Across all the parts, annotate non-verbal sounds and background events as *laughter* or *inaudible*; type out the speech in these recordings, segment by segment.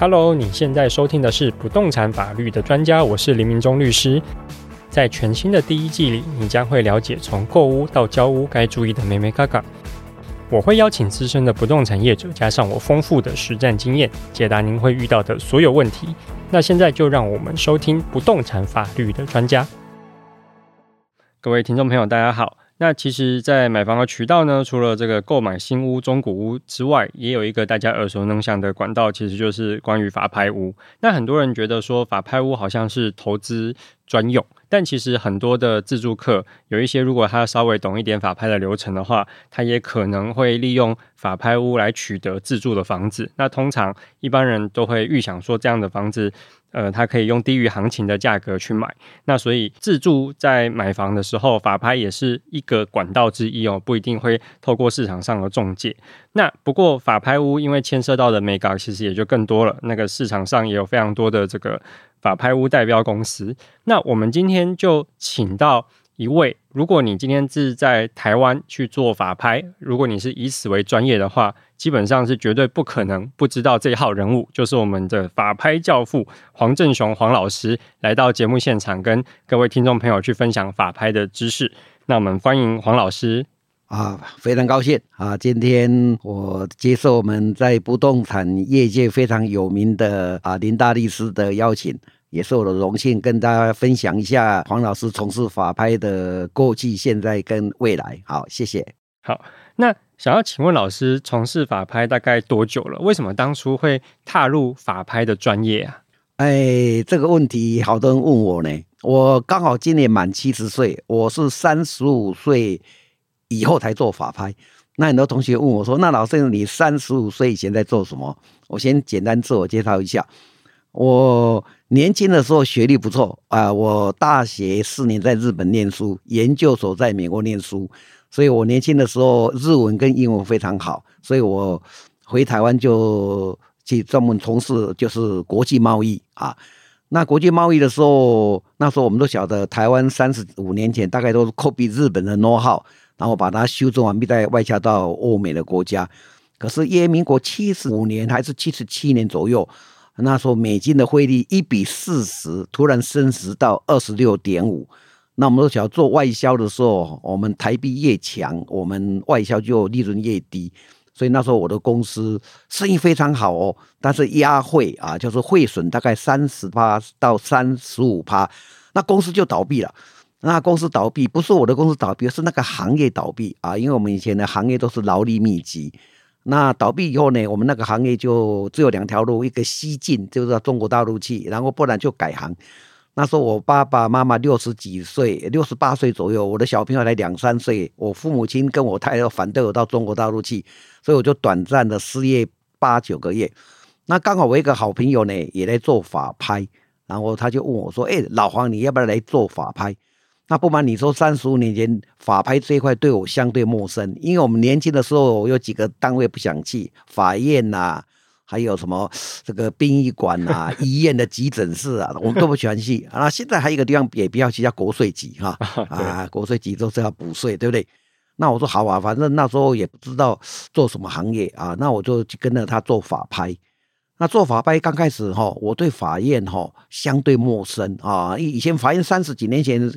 Hello，你現在收聽的是不動產法律的專家，我是林明忠律師。在全新的第一季裡，你將會了解從購屋到交屋該注意的眉眉角角。我會邀請資深的不動產業者，加上我豐富的實戰經驗，解答您會遇到的所有問題。那現在就讓我們收聽不動產法律的專家。各位聽眾朋友，大家好。那其實，在買房的渠道呢，除了這個購買新屋、中古屋之外，也有一個大家耳熟能詳的管道，其實就是關於法拍屋。那很多人覺得說，法拍屋好像是投資專用，但其實很多的自住客，有一些如果他稍微懂一點法拍的流程的話，他也可能會利用法拍屋來取得自住的房子。那通常一般人都會預想說，這樣的房子。呃，他可以用低於行情的價格去買，那所以自住在買房的時候，法拍也是一個管道之一哦，不一定會透過市場上的中介。那不過法拍屋因為牽涉到的眉角，其實也就更多了，那個市場上也有非常多的這個法拍屋代標公司。那我們今天就請到，一位，如果你今天是在台灣去做法拍，如果你是以此為專業的話，基本上是絕對不可能不知道這一號人物，就是我們的法拍教父黃正雄黃老師來到節目現場，跟各位聽眾朋友去分享法拍的知識。那我們歡迎黃老師啊。非常高興啊，今天我接受我們在不動產業界非常有名的啊林大律師的邀請。也是我的榮幸，跟大家分享一下黃老師從事法拍的過去、現在跟未來。好，謝謝。好，那想要請問老師從事法拍大概多久了？為什麼當初會踏入法拍的專業啊？哎，這個問題好多人問我呢。我剛好今年滿七十歲，我是三十五歲以後才做法拍。那很多同學問我說：“那老師，你三十五歲以前在做什麼？”我先簡單自我介紹一下，我。年輕的時候學歷不錯啊、呃，我大學四年在日本念書，研究所在美國念書，所以我年輕的時候日文跟英文非常好，所以我回台灣就去專門從事就是國際貿易啊。那國際貿易的時候，那時候我們都曉得，台灣三十五年前大概都是 copy 日本的 know-how, 然後把它修正完畢再外銷到歐美的國家。可是，耶民國七十五年還是七十七年左右。那時候美金的匯率一比四十，突然升值到二十六點五。那我們說想要做外銷的時候，我們台幣越強，我們外銷就利潤越低。所以那時候我的公司生意非常好哦，但是壓匯啊，就是匯損大概三十趴到三十五趴，那公司就倒閉了。那公司倒閉不是我的公司倒閉，是那個行業倒閉啊，因為我們以前的行業都是勞力密集。那倒閉以後呢，我們那個行業就只有兩條路，一個西進，就是到中國大陸去，然後不然就改行。那時候我爸爸媽媽六十幾歲，六十八歲左右，我的小朋友才兩三歲，我父母親跟我太太反對我到中國大陸去，所以我就短暫的失業八九個月。那剛好我一個好朋友呢，也來做法拍，然後他就問我說：“哎，老黃，你要不要來做法拍？”那不瞞你說，三十五年前法拍這一塊對我相對陌生，因為我們年輕的時候，我有幾個單位不想去，法院吶、啊，還有什麼這個殯儀館啊、 *laughs* 醫院的急診室啊，我們都不喜歡去。 *laughs* 啊，現在還有一個地方也不要去，叫國稅局哈，啊， *laughs* 對啊國稅局都是要補稅，對不對？那我說好啊，反正那時候也不知道做什麼行業啊，那我就跟着他做法拍。那做法拍剛開始哈，我對法院哈相對陌生啊，以前法院三十幾年前。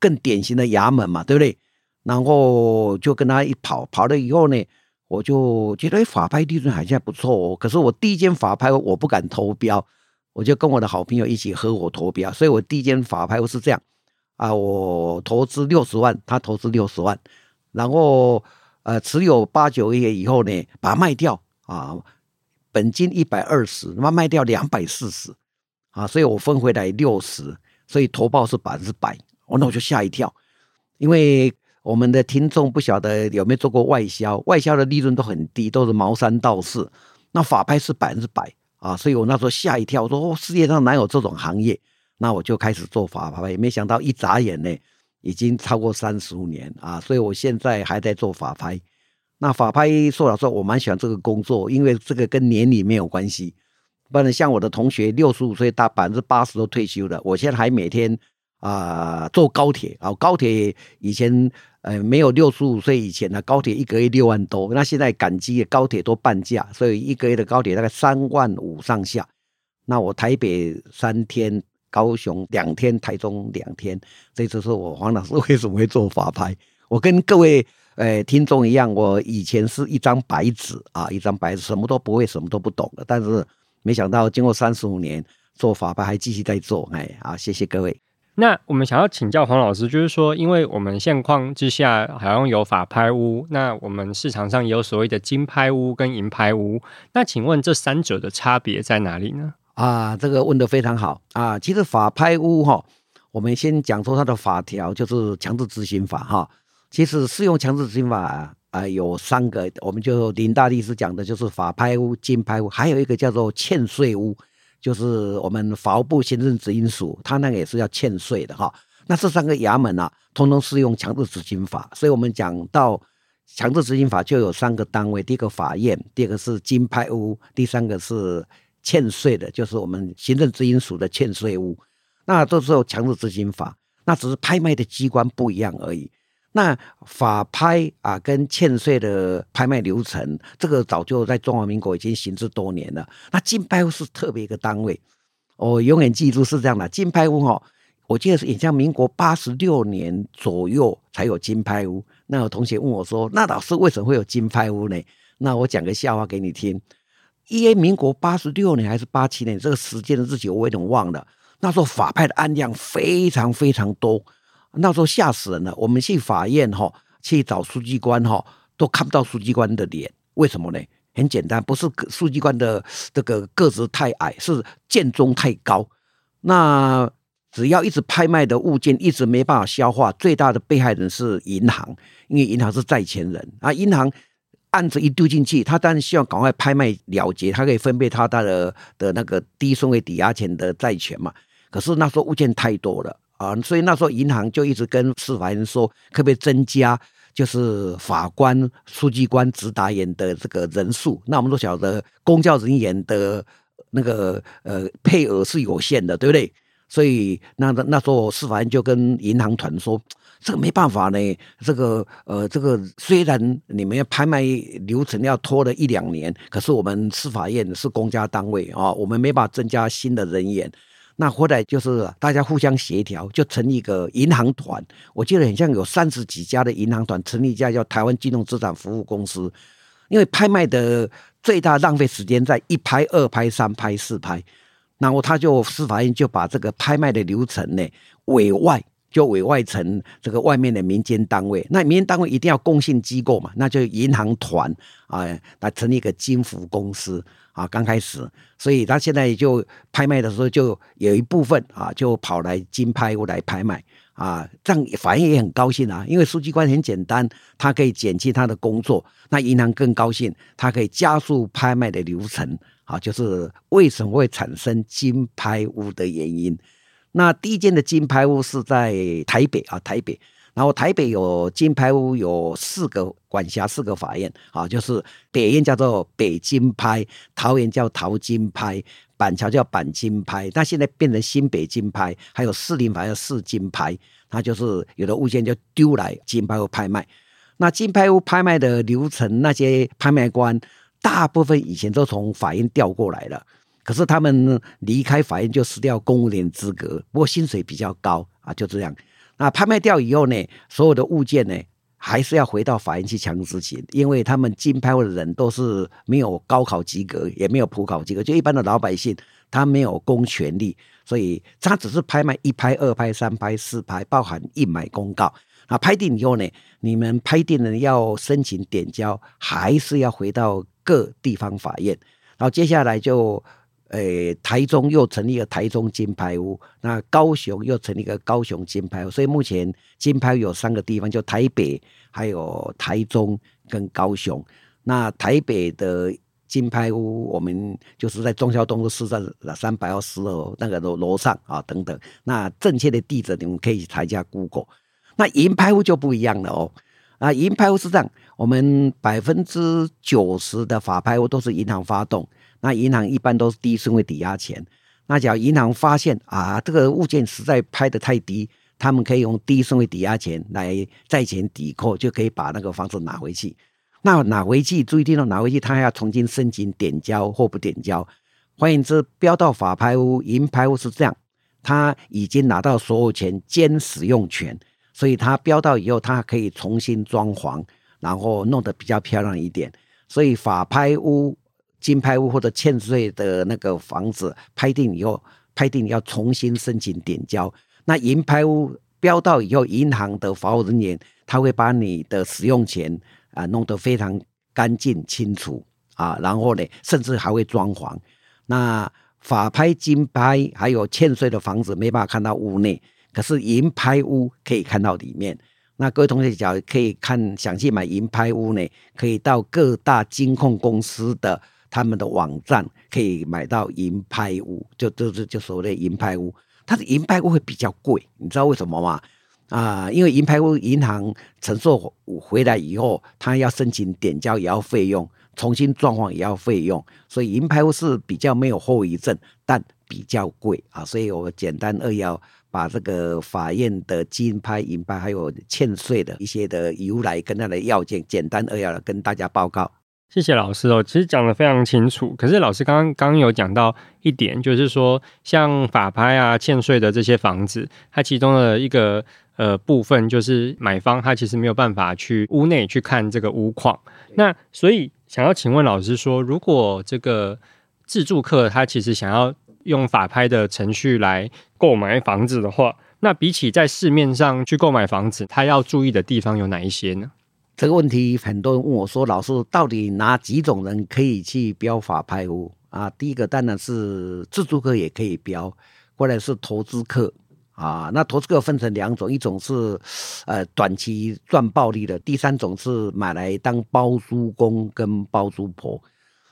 更典型的衙門嘛，對不對？然後就跟他一跑跑了以後呢，我就覺得法拍利潤好像不錯哦。可是我第一間法拍我不敢投標，我就跟我的好朋友一起合夥投標。所以我第一間法拍我是這樣啊，我投資六十萬，他投資六十萬，然後呃持有八九個月以後呢，把它賣掉啊，本金一百二十，那賣掉兩百四十啊，所以我分回來六十，所以投報是百分之百。哦，oh, 那我就嚇一跳，因為我們的聽眾不曉得有沒有做過外銷，外銷的利潤都很低，都是毛三到四。那法拍是百分之百啊，所以我那時候嚇一跳，我說，哦，世界上哪有這種行業？那我就開始做法拍，也沒想到一眨眼呢，已經超過三十五年啊，所以我現在還在做法拍。那法拍說老實話，我蠻喜歡這個工作，因為這個跟年齡沒有關係。不然像我的同學六十五歲，到百分之八十都退休了，我現在還每天。啊、呃，坐高鐵啊，高鐵以前呃沒有六十五歲以前的高鐵一個月六萬多，那現在趕機高鐵都半價，所以一個月的高鐵大概三萬五上下。那我台北三天，高雄兩天，台中兩天。這就是我黃老師為什麼會做法拍。我跟各位呃聽眾一樣，我以前是一張白紙啊，一張白紙，什麼都不會，什麼都不懂的。但是沒想到經過三十五年做法拍，還繼續在做。哎，啊，謝謝各位。那我們想要請教黃老師，就是說，因為我們現況之下好像有法拍屋，那我們市場上也有所謂的金拍屋跟銀拍屋，那請問這三者的差別在哪裡呢？啊，這個問得非常好啊！其實法拍屋哈、哦，我們先講說它的法條就是強制執行法哈。其實適用強制執行法啊、呃、有三個，我們就林大律師講的，就是法拍屋、金拍屋，還有一個叫做欠稅屋。就是我們法務部行政執行署，它那個也是要欠稅的哈。那這三個衙門啊，通通適用強制執行法。所以我們講到強制執行法，就有三個單位：第一個法院，第二個是金拍屋，第三個是欠稅的，就是我們行政執行署的欠稅屋。那都是有強制執行法，那只是拍賣的機關不一樣而已。那法拍啊，跟欠稅的拍賣流程，這個早就在中華民國已經行之多年了。那金拍屋是特別一個單位，我、哦、永遠記住是這樣的。金拍屋哦，我記得是也像民國八十六年左右才有金拍屋。那有同學問我說：“那老師為什麼會有金拍屋呢？”那我講個笑話給你聽：因為民國八十六年還是八七年？這個時間的日期我有點忘了。那時候法拍的案量非常非常多。那時候嚇死人了，我們去法院吼，去找書記官哈，都看不到書記官的臉，為什麼呢？很簡單，不是書記官的這個個子太矮，是卷宗太高。那只要一直拍賣的物件一直沒辦法消化，最大的被害人是銀行，因為銀行是債權人啊。銀行案子一丟進去，他當然希望趕快拍賣了結，他可以分配他他的的那個低順位抵押權的債權嘛。可是那時候物件太多了。啊，所以那時候銀行就一直跟司法院說，可不可以增加，就是法官、書記官、執達員的這個人數？那我們都曉得，公教人員的那個呃配額是有限的，對不對？所以那那時候司法院就跟銀行團說，這個沒辦法呢。這個呃，這個雖然你們要拍賣流程要拖了一兩年，可是我們司法院是公家單位啊，我們沒辦法增加新的人員。那後來就是大家互相協調，就成立一個銀行團。我記得很像有三十幾家的銀行團成立一家叫台灣金融資產服務公司。因為拍賣的最大浪費時間在一拍、二拍、三拍、四拍，然後他就司法院就把這個拍賣的流程呢委外。就委外成這個外面的民間單位，那民間單位一定要公信機構嘛，那就銀行團啊來、呃、成立一個金服公司啊，剛開始，所以他現在就拍賣的時候就有一部分啊就跑來金拍屋來拍賣啊，這樣反應也很高興啊，因為書記官很簡單，他可以減輕他的工作，那銀行更高興，他可以加速拍賣的流程啊，就是為什麼會產生金拍屋的原因。那第一間的金拍屋是在台北啊，台北。然後台北有金拍屋，有四個管轄四個法院啊，就是北院叫做北金拍，桃園叫桃金拍，板橋叫板金拍。那現在變成新北金拍，還有士林法院、士金拍。它就是有的物件就丟來金拍屋拍賣。那金拍屋拍賣的流程，那些拍賣官大部分以前都從法院調過來了。可是他們離開法院就失掉公務員資格，不過薪水比較高啊，就這樣。那拍賣掉以後呢，所有的物件呢，還是要回到法院去強制執行，因為他們競拍的人都是沒有高考及格，也沒有普考及格，就一般的老百姓，他沒有公權力，所以他只是拍賣一拍、二拍、三拍、四拍，包含應買公告。啊，拍定以後呢，你們拍定的人要申請點交，還是要回到各地方法院，然後接下來就。誒、呃，台中又成立了台中金牌屋，那高雄又成立一個高雄金牌屋，所以目前金牌屋有三個地方，就台北，還有台中跟高雄。那台北的金牌屋，我們就是在忠孝東路四三三百二十那個樓樓上啊等等。那正確的地址你們可以去查一下 Google。那銀牌屋就不一樣了哦，啊，銀牌屋是這樣，我們百分之九十的法拍屋都是銀行發動。那銀行一般都是第一順位抵押權，那只要銀行發現啊，這個物件實在拍得太低，他們可以用第一順位抵押權來債權抵扣，就可以把那個房子拿回去。那拿回去，注意聽到拿回去，他還要重新申請點交或不點交。換言之，標到法拍屋、銀拍屋是這樣，他已經拿到所有權兼使用權，所以他標到以後，他還可以重新裝潢，然後弄得比較漂亮一點。所以法拍屋。金拍屋或者欠稅的那個房子拍定以後，拍定要重新申請點交。那銀拍屋標到以後，銀行的法務人員他會把你的使用權啊、呃、弄得非常乾淨清楚啊，然後呢，甚至還會裝潢。那法拍、金拍還有欠稅的房子沒辦法看到屋內，可是銀拍屋可以看到裡面。那各位同學講可以看，想去買銀拍屋呢，可以到各大金控公司的，他們的網站可以買到銀拍屋，就就是就所謂的銀拍屋，它的銀拍屋會比較貴，你知道為什麼嗎？啊、呃，因為銀拍屋銀行承受回來以後，他要申請點交也要費用，重新裝潢也要費用，所以銀拍屋是比較沒有後遺症，但比較貴啊。所以我簡單扼要把這個法院的金拍、銀拍還有欠稅的一些的由來跟他的要件，簡單扼要的跟大家報告。謝謝老師哦，其實講的非常清楚。可是老師剛剛剛有講到一點，就是說像法拍啊、欠稅的這些房子，它其中的一個呃部分就是買方他其實沒有辦法去屋內去看這個屋況。那所以想要請問老師說，如果這個自住客他其實想要用法拍的程序來購買房子的話，那比起在市面上去購買房子，他要注意的地方有哪一些呢？這個問題很多人問我說：“老師，到底哪幾種人可以去標法拍屋？啊？”第一個當然是自住客也可以標，或者是投資客啊。那投資客分成兩種，一種是呃短期賺暴利的，第三種是買來當包租公跟包租婆。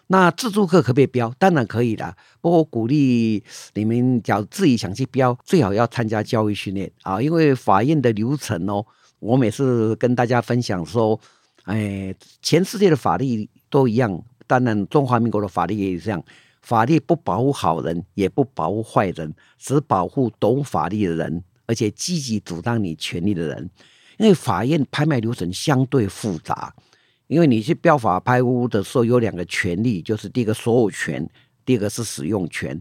那自住客可不可以標？當然可以啦，不過我鼓勵你們要自己想去標，最好要參加教育訓練啊，因為法院的流程哦。我每次跟大家分享說，哎，全世界的法律都一樣，當然中華民國的法律也一樣。法律不保護好人，也不保護壞人，只保護懂法律的人，而且積極主張你權利的人。因為法院拍賣流程相對複雜，因為你去標法拍屋的時候有兩個權利，就是第一個所有權，第二個是使用權。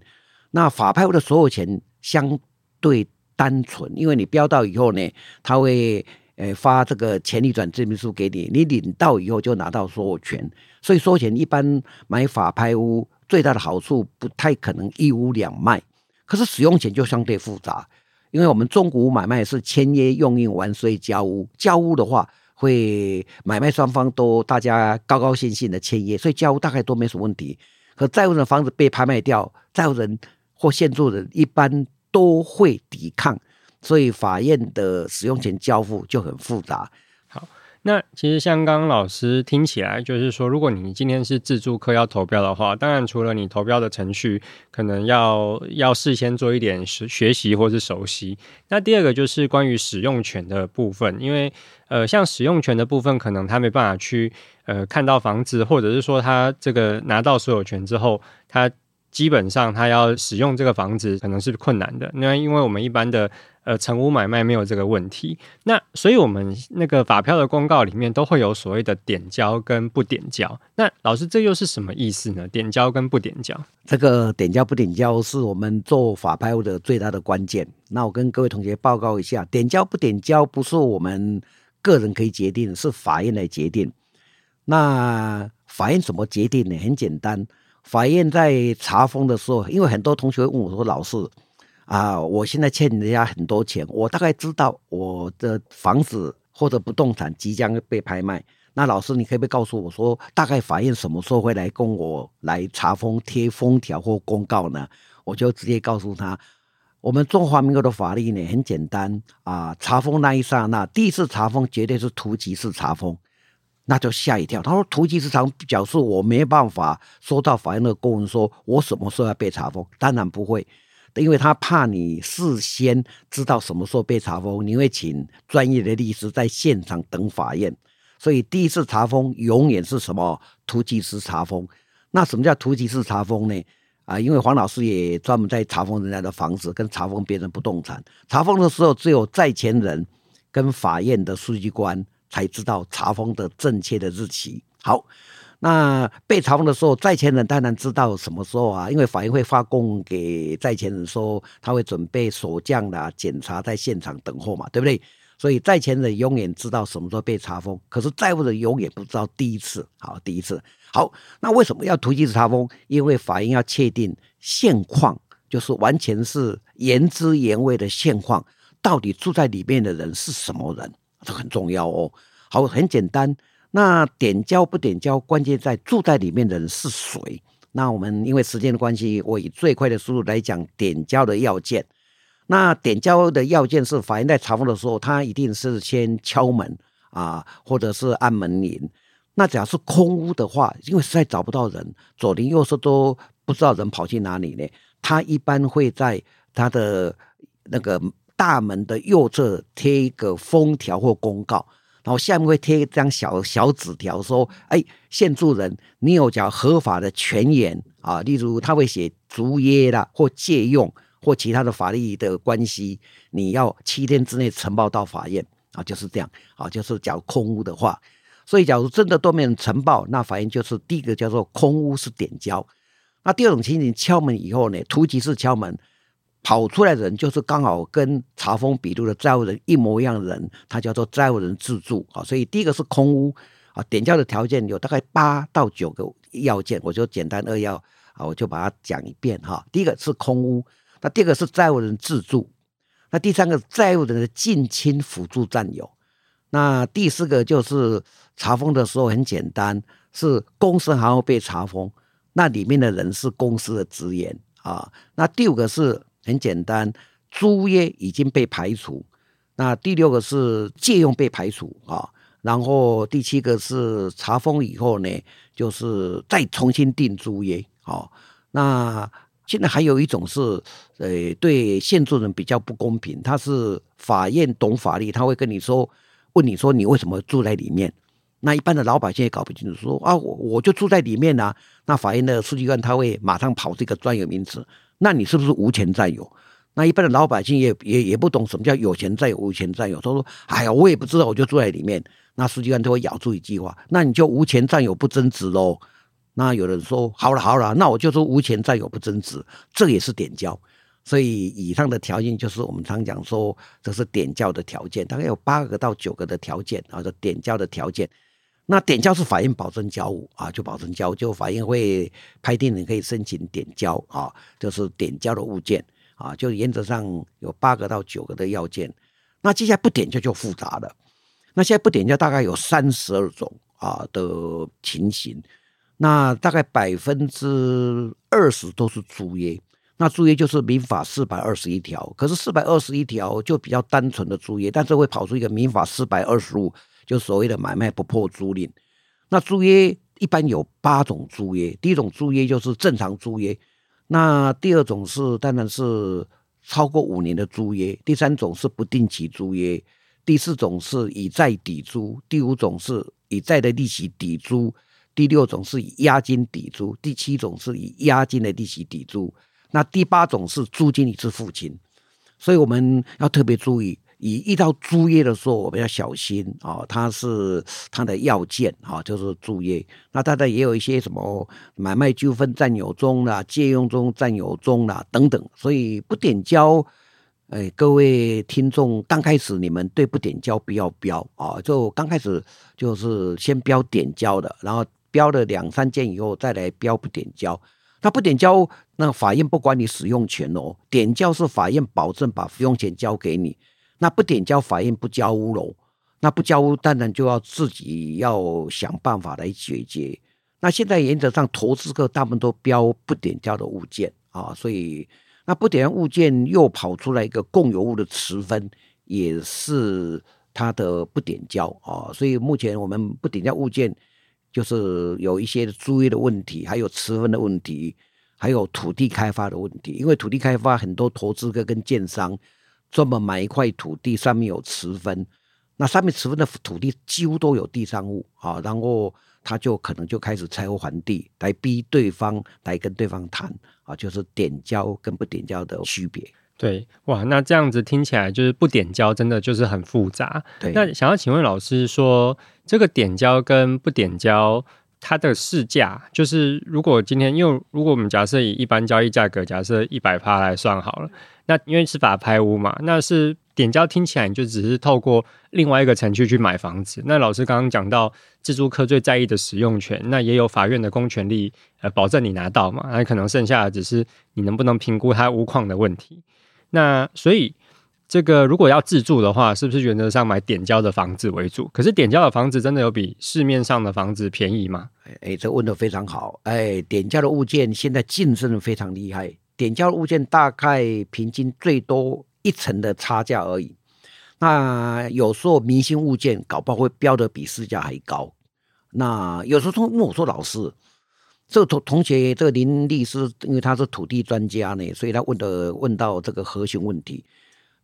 那法拍屋的所有權相對單純，因為你標到以後呢，他會。誒，發這個權利轉證明書給你，你領到以後就拿到所有權。所以說權一般買法拍屋最大的好處不太可能一屋兩賣，可是使用權就相對複雜。因為我們中古買賣是簽約、用印、完稅、交屋，交屋的話，會買賣雙方都大家高高興興的簽約，所以交屋大概都沒什麼問題。可債務人房子被拍賣掉，債務人或現住人一般都會抵抗。所以法院的使用權交付就很複雜。好，那其實像剛剛老師聽起來，就是說，如果你今天是自住客要投標的話，當然除了你投標的程序，可能要要事先做一點學學習或是熟悉。那第二個就是關於使用權的部分，因為呃，像使用權的部分，可能他沒辦法去呃看到房子，或者是說他這個拿到所有權之後，他基本上他要使用這個房子，可能是困難的。那因為我們一般的。呃，成屋買賣沒有這個問題。那所以，我們那個法拍的公告裡面都會有所謂的點交跟不點交。那老師，這又是什麼意思呢？點交跟不點交，這個點交不點交是我們做法拍的最大的關鍵。那我跟各位同學報告一下，點交不點交不是我們個人可以決定，是法院來決定。那法院怎麼決定呢？很簡單，法院在查封的時候，因為很多同學問我說：“老師。”啊、呃，我現在欠人家很多錢，我大概知道我的房子或者不動產即將被拍賣。那老師，你可以不要告訴我說，大概法院什麼時候會來跟我來查封、貼封條或公告呢？我就直接告訴他，我們中華民國的法律呢很簡單啊、呃，查封那一剎那，第一次查封絕對是突擊式查封，那就嚇一跳。他說突擊式查封表示我沒辦法收到法院的公文說，說我什麼時候要被查封？當然不會。因為他怕你事先知道什麼時候被查封，你會請專業的律師在現場等法院，所以第一次查封永遠是什麼？突擊式查封。那什麼叫突擊式查封呢？啊、呃，因為黃老師也專門在查封人家的房子跟查封別人不動產，查封的時候只有債權人跟法院的書記官才知道查封的正確的日期。好。那被查封的時候，債權人當然知道什麼時候啊，因為法院會發供給債權人說，他會準備鎖匠的，檢查在現場等候嘛，對不對？所以債權人永遠知道什麼時候被查封，可是債務人永遠不知道第一次，好，第一次。好，那為什麼要突擊查封？因為法院要確定現況，就是完全是原汁原味的現況，到底住在裡面的人是什麼人，這很重要哦。好，很簡單。那點交不點交，關鍵在住在裡面的人是誰。那我們因為時間的關係，我以最快的速度來講點交的要件。那點交的要件是，法院在查封的時候，他一定是先敲門啊，或者是按門鈴。那假如是空屋的話，因為實在找不到人，左鄰右舍都不知道人跑去哪裡呢？他一般會在他的那個大門的右側貼一個封條或公告。然後下面會貼一張小小紙條，說：“哎、欸，現住人，你有講合法的權源啊？例如他會寫租約啦，或借用或其他的法律的關係，你要七天之內呈報到法院啊，就是這樣啊，就是講空屋的話。所以假如真的都沒有呈報，那法院就是第一個叫做空屋是點交，那第二種情形敲門以後呢，突擊式敲門。”跑出來的人就是剛好跟查封筆錄的債務人一模一樣的人，他叫做債務人自住啊。所以第一個是空屋啊，點交的條件有大概八到九個要件，我就簡單扼要啊，我就把它講一遍哈。第一個是空屋，那第二個是債務人自住，那第三個債務人的近親輔助占有，那第四個就是查封的時候很簡單，是公司行號被查封，那裡面的人是公司的職員啊。那第五個是。很簡單，租約已經被排除。那第六個是借用被排除啊，然後第七個是查封以後呢，就是再重新訂租約。好，那現在還有一種是，呃，對現住人比較不公平。他是法院懂法律，他會跟你說，問你說你為什麼住在裡面？那一般的老百姓也搞不清楚，說啊，我我就住在裡面呢、啊。那法院的書記官他會馬上跑這個專有名詞。那你是不是無權占有？那一般的老百姓也也也不懂什麼叫有權占有、無權占有。他說：“哎呀，我也不知道，我就住在裡面。”那書記官就會咬住一句話：“那你就無權占有不爭執嘍。”那有人說：“好了好了，那我就說無權占有不爭執，這也是點交。”所以以上的條件就是我們常講說，這是點交的條件，大概有八個到九個的條件，啊，這點交的條件。那點交是法院保證交啊，就保證交，就法院會拍定，你可以申請點交啊，就是點交的物件啊，就原則上有八個到九個的要件。那接下來不點交就複雜了，那現在不點交大概有三十二種啊的情形，那大概百分之二十都是租約。那租約就是民法四百二十一條，可是四百二十一條就比較單純的租約，但是會跑出一個民法四百二十五。就所謂的買賣不破租賃，那租約一般有八種租約。第一種租約就是正常租約，那第二種是當然是超過五年的租約，第三種是不定期租約，第四種是以債抵租，第五種是以債的利息抵租，第六種是以押金抵租，第七種是以押金的利息抵租，那第八種是租金一次付清，所以我們要特別注意。以遇到租約的時候，我們要小心啊、哦！它是它的要件啊、哦，就是租約。那大家也有一些什麼買賣糾紛、占有中啦，借用中、占有中啦，等等。所以不點交，哎、各位聽眾，剛開始你們對不點交不要標啊、哦，就剛開始就是先標點交的，然後標了兩三件以後再來標不點交。那不點交，那法院不管你使用權哦，點交是法院保證把使用權交給你。那不點交，法院不交屋咯，那不交屋當然就要自己要想辦法來解決。那現在原則上，投資客大部分都標不點交的物件啊，所以那不點交物件又跑出來一個共有物的持分，也是它的不點交啊。所以目前我們不點交物件，就是有一些注意的問題，還有持分的問題，還有土地開發的問題。因為土地開發很多投資客跟建商。專門買一塊土地，上面有持分，那上面持分的土地幾乎都有地上物啊，然後他就可能就開始拆屋還地，來逼對方來跟對方談啊，就是點交跟不點交的區別。對，哇，那這樣子聽起來就是不點交，真的就是很複雜。對，那想要請問老師說，這個點交跟不點交，它的市價就是，如果今天，因為如果我們假設以一般交易價格，假設一百趴來算好了，那因為是法拍屋嘛，那是點交聽起來你就只是透過另外一個程序去買房子。那老師剛剛講到，自住客最在意的使用權，那也有法院的公權力呃保證你拿到嘛，那可能剩下的只是你能不能評估它屋況的問題。那所以。這個如果要自住的話，是不是原則上買點交的房子為主？可是點交的房子真的有比市面上的房子便宜嗎？哎，這問的非常好。哎，點交的物件現在競爭非常厲害，點交的物件大概平均最多一成的差價而已。那有時候明星物件搞不好會標的比市價還高。那有時候同問我說：“老師，這個同同學這個林律師，因為他是土地專家呢，所以他問的問到這個核心問題。”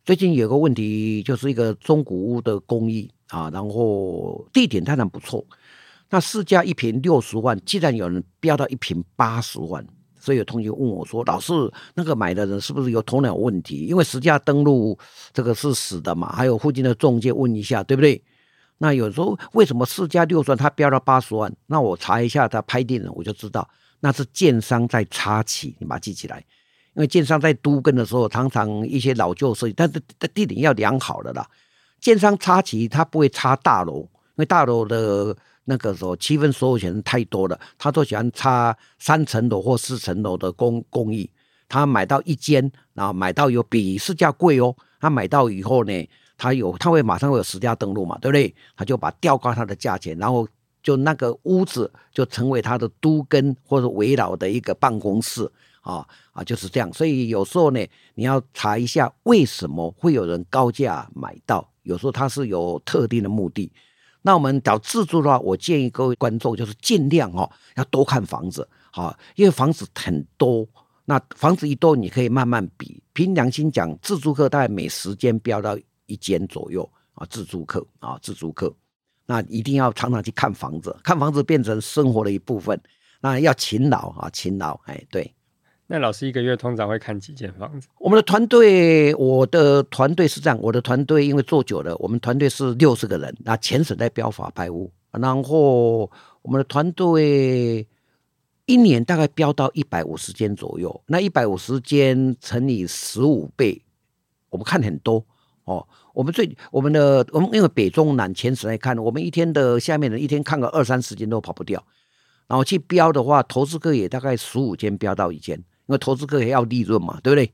最近有個問題，就是一個中古屋的公寓啊，然後地點當然不錯，那市價一平六十萬，竟然有人標到一平八十萬，所以有同學問我說，老師，那個買的人是不是有頭腦問題？因為實價登錄這個是死的嘛，還有附近的中介問一下，對不對？那有時候為什麼市價六十萬他標到八十萬？那我查一下他拍電影，我就知道那是建商在插旗，你把它記起來。因為建商在都更的時候，常常一些老舊設計，但是地點要良好的啦。建商插旗，他不會插大樓，因為大樓的那個時候，區分所有權太多了，他都喜歡插三層樓或四層樓的公公寓。他買到一間，然後買到有比市價貴哦。他買到以後呢，他有他會馬上會有實價登錄嘛，對不對？他就把吊高他的價錢，然後就那個屋子就成為他的都更或者圍繞的一個辦公室。啊啊，就是這樣。所以有時候呢，你要查一下為什麼會有人高價買到。有時候他是有特定的目的。那我們找自住的話，我建議各位觀眾就是盡量哦，要多看房子，好，啊，因為房子很多。那房子一多，你可以慢慢比。憑良心講，自住客大概每時間標到一間左右啊，自住客啊，自住客。那一定要常常去看房子，看房子變成生活的一部分。那要勤勞啊，勤勞，哎，對。那老師一個月通常會看幾間房子？我們的團隊，我的團隊是這樣，我的團隊因為做久了，我們團隊是六十個人。那全省在標法拍屋，然後我們的團隊一年大概標到一百五十間左右。那一百五十間乘以十五倍，我們看很多哦。我們最我們的我們因為北中南全省來看，我們一天的下面的一天看個二三十間都跑不掉。然後去標的話，投資客也大概十五間標到一間。因為投資客也要利潤嘛，對不對？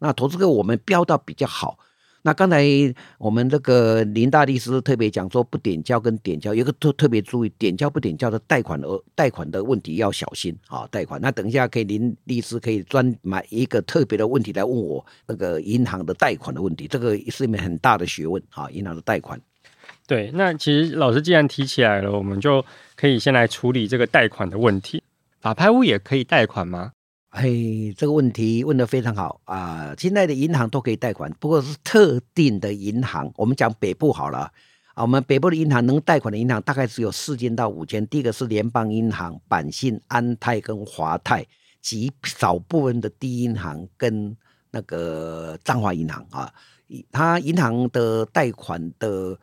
那投資客我們標到比較好。那剛才我們這個林大律師特別講說，不點交跟點交有一個特特別注意，點交不點交的貸款額貸款的問題要小心啊，貸款。那等一下，可以林律師可以專買一個特別的問題來問我那個銀行的貸款的問題，這個是一門很大的學問啊，銀行的貸款。對，那其實老師既然提起來了，我們就可以先來處理這個貸款的問題。法拍屋也可以貸款嗎？哎，這個問題問得非常好啊，呃，現在的銀行都可以貸款，不過是特定的銀行。我們講北部好了啊，我們北部的銀行能貸款的銀行大概只有四間到五間。第一個是聯邦銀行、板信、安泰跟華泰，極少部分的低銀行跟那個彰化銀行啊，它銀行的貸款的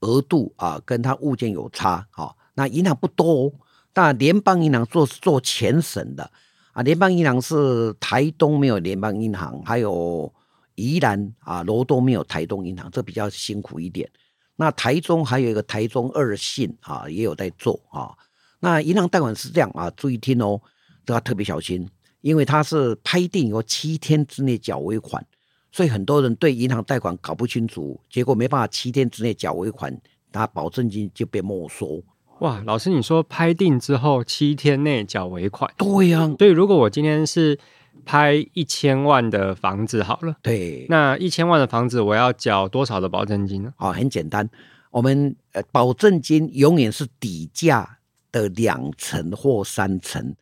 額度啊，跟它物件有差。好，啊，那銀行不多，哦，但聯邦銀行做做全省的。啊，聯邦銀行是台東沒有聯邦銀行，還有宜蘭啊，羅東沒有台東銀行，這比較辛苦一點。那台中還有一個台中二信啊，也有在做啊。那銀行貸款是這樣啊，注意聽哦，都要特別小心，因為它是拍定以後七天之內繳尾款，所以很多人對銀行貸款搞不清楚，結果沒辦法七天之內繳尾款，他保證金就被沒收。哇，老師，你說拍定之後七天內繳尾款，對呀、啊。所以如果我今天是拍一千萬的房子好了，對，那一千萬的房子我要繳多少的保證金呢？哦，很簡單，我們保證金永遠是底價的兩成或三成。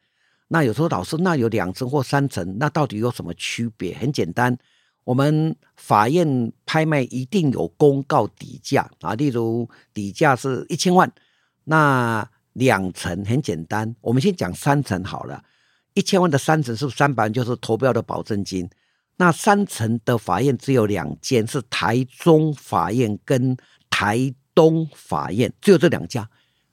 那有時候老師，那有兩成或三成，那到底有什麼區別？很簡單，我們法院拍賣一定有公告底價啊，例如底價是一千萬。那兩成很簡單，我們先講三成好了。一千萬的三成是不是三百萬，就是投標的保證金。那三成的法院只有兩間，是台中法院跟台東法院，只有這兩家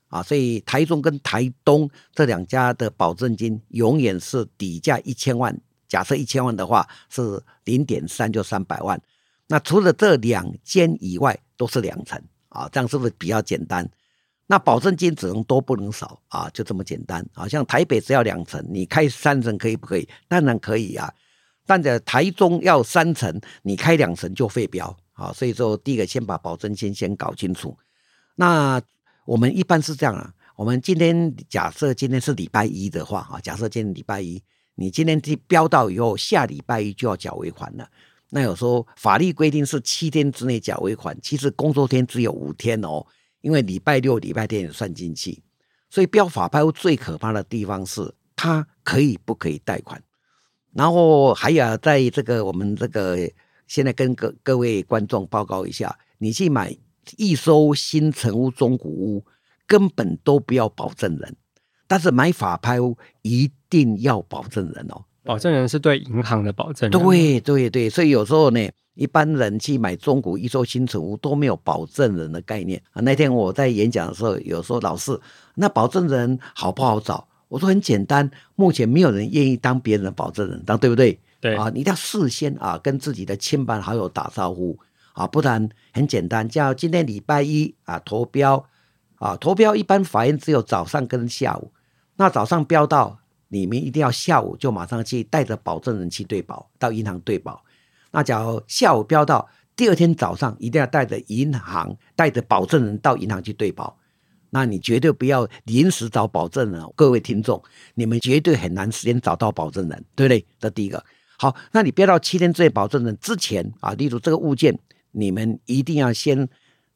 啊。所以台中跟台東這兩家的保證金永遠是底價一千萬。假設一千萬的話是零點三，就三百萬。那除了這兩間以外，都是兩成啊。這樣是不是比較簡單？那保證金只能多不能少啊，就這麼簡單啊！好像台北只要兩成，你開三成可以不可以？當然可以啊。但在台中要三成，你開兩成就廢標啊。所以說，第一個先把保證金先搞清楚。那我們一般是這樣啊：我們今天假設今天是禮拜一的話啊，假設今天禮拜一，你今天標到以後，下禮拜一就要繳尾款了。那有時候法律規定是七天之內繳尾款，其實工作天只有五天哦。因為禮拜六、禮拜天也算進去，所以標法拍屋最可怕的地方是它可以不可以貸款。然後還有在這個我們這個現在跟各各位觀眾報告一下，你去買一艘新成屋、中古屋，根本都不要保證人，但是買法拍屋一定要保證人哦。保證人是對銀行的保證人。對對對，所以有時候呢。一般人去買中古一艘清、一手新成屋都沒有保證人的概念啊！那天我在演講的時候，有說老師，那保證人好不好找？我說很簡單，目前沒有人願意當別人的保證人，當對不對？對啊，你一定要事先啊跟自己的親朋好友打招呼啊，不然很簡單，叫今天禮拜一啊投標啊投標，啊、投標一般法院只有早上跟下午，那早上標到你們一定要下午就馬上去帶着保證人去對保，到銀行對保。那假如下午標到第二天早上，一定要帶着銀行、帶着保證人到銀行去對保。那你絕對不要臨時找保證人，各位聽眾，你們絕對很難時間找到保證人，對不對？這第一個。好，那你標到七天之內保證人之前啊，例如這個物件，你們一定要先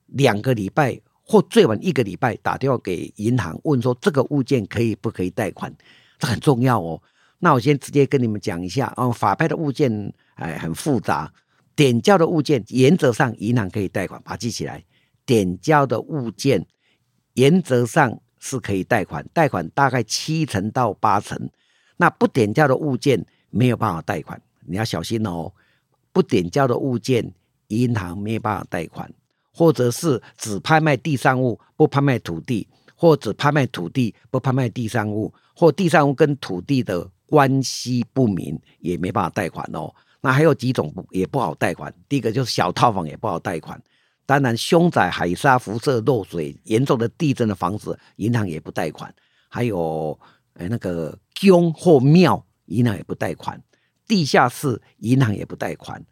兩個禮拜或最晚一個禮拜打電話給銀行，問說這個物件可以不可以貸款？這很重要哦。那我先直接跟你們講一下哦，法拍的物件哎很複雜，點交的物件原則上銀行可以貸款，把它記起來。點交的物件原則上是可以貸款，貸款大概七成到八成。那不點交的物件沒有辦法貸款，你要小心哦。不點交的物件銀行沒有辦法貸款，或者是只拍賣地上物，不拍賣土地，或者只拍賣土地，不拍賣地上物，或地上物跟土地的關係不明也沒辦法貸款哦。那還有幾種不也不好貸款，第一個就是小套房也不好貸款。當然，凶宅、海沙、輻射、漏水嚴重的、地震的房子，銀行也不貸款。還有哎，那個宮或廟，銀行也不貸款。地下室，銀行也不貸款。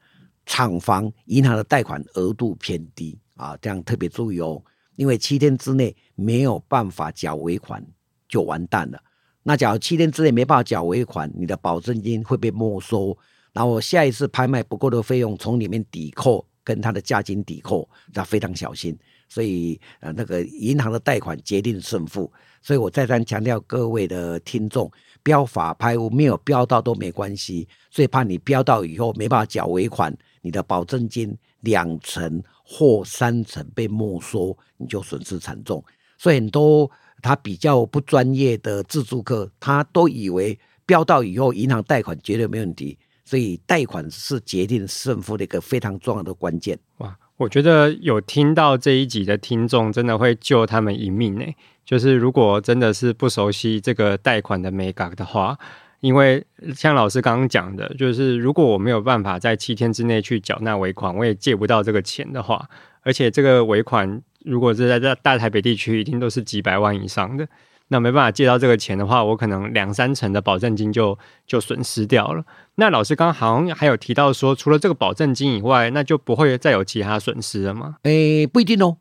廠房，銀行的貸款額度偏低啊，這樣特別注意哦，因為七天之內沒有辦法繳尾款，就完蛋了。那假如七天之內沒辦法繳尾款，你的保證金會被沒收，然後下一次拍賣不夠的費用從裡面抵扣，跟他的價金抵扣，那非常小心。所以呃，那個銀行的貸款決定勝負，所以我再三強調各位的聽眾，標法拍屋沒有標到都沒關係，最怕你標到以後沒辦法繳尾款，你的保證金兩成或三成被沒收，你就損失慘重。所以很多。他比較不專業的自住客，他都以為標到以後銀行貸款絕對沒問題，所以貸款是決定勝負的一個非常重要的關鍵。哇，我覺得有聽到這一集的聽眾真的會救他們一命呢。就是如果真的是不熟悉這個貸款的門檻的話，因為像老師剛剛講的，就是如果我沒有辦法在七天之內去繳納尾款，我也借不到這個錢的話，而且這個尾款。如果是在在大台北地區，一定都是幾百萬以上的。那沒辦法借到這個錢的話，我可能兩三成的保證金就就損失掉了。那老師剛剛好像還有提到說，除了這個保證金以外，那就不會再有其他損失了嗎？誒、欸，不一定哦。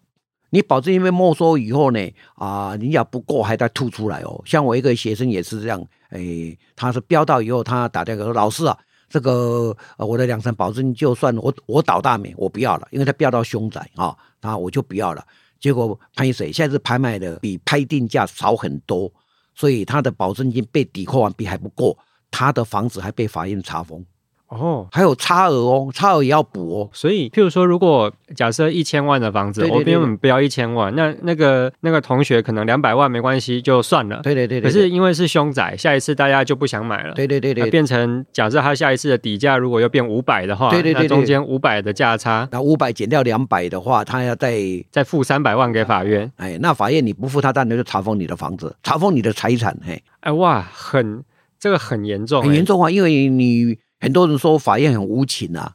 你保證金被沒收以後呢，啊，你要不夠還得吐出來哦。像我一個學生也是這樣，誒、欸，他是標到以後，他打電話說：“老師啊。”這個呃，我的兩成保證金，就算我我倒大霉，我不要了，因為他不要到凶宅啊，然後、哦、我就不要了。結果潘一水現在是拍賣的比拍定價少很多，所以他的保證金被抵扣完畢還不夠，他的房子還被法院查封。哦，還有差額哦，差額也要補哦。所以，譬如說，如果假設一千萬的房子，我原本標一千萬，那那個那個同學可能兩百萬沒關係就算了。對，對對對。可是因為是凶宅，對對對對，下一次大家就不想買了。對對對對。變成假設他下一次的底價如果又變五百的話，對，對對對，中間五百的價差對對對對，那五百減掉兩百的話，他要再再付三百萬給法院。哎，那法院你不付他，當然就查封你的房子，查封你的財產。哎，哎哇，很這個很嚴重，欸，很嚴重啊，因為你。很多人說法院很無情啊！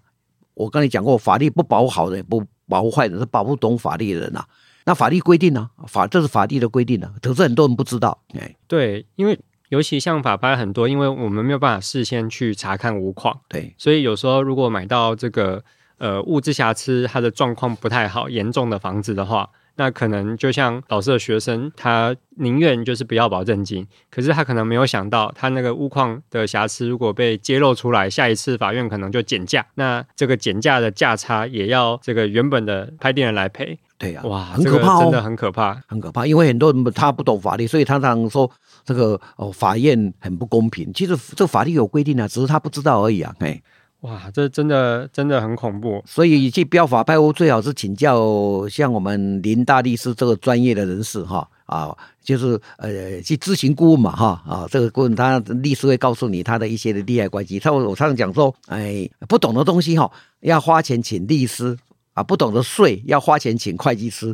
我跟你講過，法律不保護好人，不保護壞人，是保護懂法律的人啊。那法律規定呢？法這是法律的規定呢，可是很多人不知道。哎，對，因為尤其像法拍很多，因為我們沒有辦法事先去查看屋況，對，所以有時候如果買到這個呃物質瑕疵，它的狀況不太好，嚴重的房子的話。那可能就像老師的學生，他寧願就是不要保證金，可是他可能沒有想到，他那個屋況的瑕疵如果被揭露出來，下一次法院可能就減價，那這個減價的價差也要這個原本的拍定人來賠。對呀、啊，哇，很可怕、哦、真的很可怕，很可怕。因為很多人他不懂法律，所以他常、常說這個哦，法院很不公平。其實這法律有規定的、啊，只是他不知道而已啊，哇，這真的真的很恐怖。所以去標法拍屋最好是請教像我們林大律師這個專業的人士哈啊，就是呃去諮詢顧問嘛哈啊，這個顧問他律師會告訴你他的一些的利害關係。他我常常講說，哎，不懂的東西哈，要花錢請律師啊；不懂的稅，要花錢請會計師。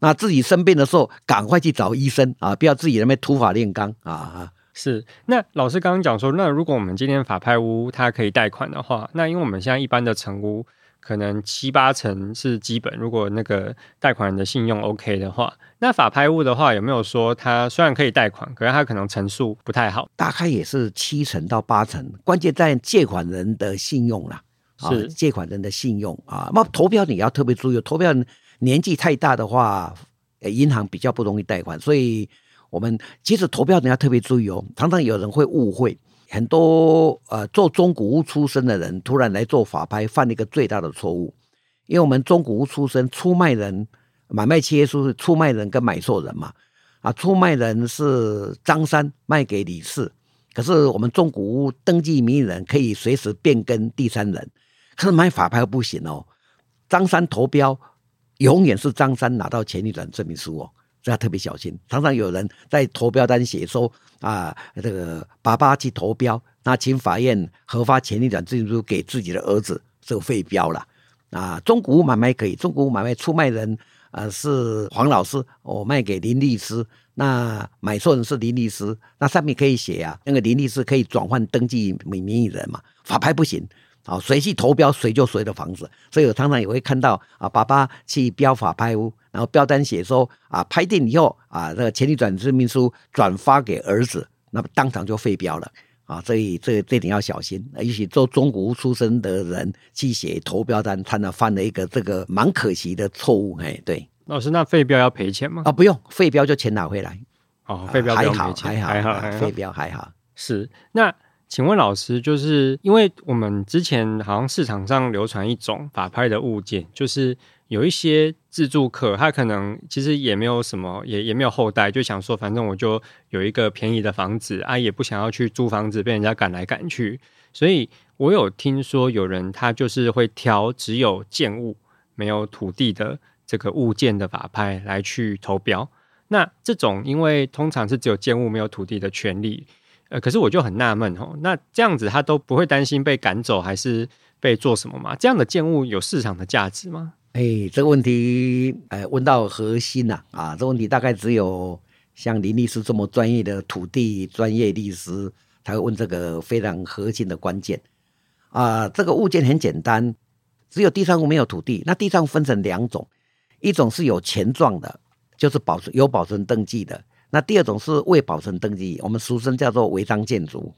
那自己生病的時候，趕快去找醫生啊，不要自己那邊土法煉鋼啊。是，那老師剛剛講說，那如果我們今天法拍屋它可以貸款的話，那因為我們現在一般的成屋可能七八成是基本，如果那個貸款人的信用 OK 的話，那法拍屋的話有沒有說它雖然可以貸款，可是它可能成數不太好，大概也是七成到八成，關鍵在借款人的信用啦，啊、是借款人的信用啊。那投標你要特別注意，投標年紀太大的話，銀行比較不容易貸款，所以。我們其實投標，你要特別注意哦。常常有人會誤會，很多呃做中古屋出身的人突然來做法拍，犯了一個最大的錯誤。因為我們中古屋出身，出賣人買賣契約書是出賣人跟買受人嘛。啊，出賣人是張三賣給李四，可是我們中古屋登記名義人可以隨時變更第三人，可是買法拍不行哦。張三投標永遠是張三拿到權利移轉證明書哦。這要特別小心，常常有人在投標單寫說啊，這個爸爸去投標，那請法院核發權利移轉證書給自己的兒子，就廢標了。啊，中古買賣可以，中古買賣出賣人啊、呃、是黃老師，我、哦、賣給林律師，那買受人是林律師，那上面可以寫啊，那個林律師可以轉換登記為名義人嘛，法拍不行。啊，誰、哦、去投標，誰就誰的房子。所以我常常也會看到啊，爸爸去標法拍屋，然後標單寫說啊，拍定以後啊，這個權利轉移證明書轉發給兒子，那麼當場就廢標了啊。所以這這點要小心、啊，尤其做中國出生的人去寫投標單，他呢犯了一個這個蠻可惜的錯誤。嘿，對。老師，那廢標要賠錢嗎？啊，不用，廢標就錢拿回來。哦、廢標、啊、還好，還好還好，廢好好標還好是那。請問老師，就是因為我們之前好像市場上流傳一種法拍的物件，就是有一些自住客，他可能其實也沒有什麼，也也沒有後代，就想說反正我就有一個便宜的房子啊，也不想要去租房子被人家趕來趕去，所以我有聽說有人他就是會挑只有建物沒有土地的這個物件的法拍來去投標。那這種因為通常是只有建物沒有土地的權利。可是我就很納悶吼，那這樣子他都不會擔心被趕走還是被做什麼嗎？這樣的建物有市場的價值嗎？哎、欸，這個問題，呃、欸、問到核心了啊，啊！這個問題大概只有像林律師這麼專業的土地專業律師才會問這個非常核心的關鍵啊。這個物件很簡單，只有地上物沒有土地。那地上分成兩種，一種是有權狀的，就是保存有保存登記的。那第二種是未保存登記，我們俗稱叫做違章建築。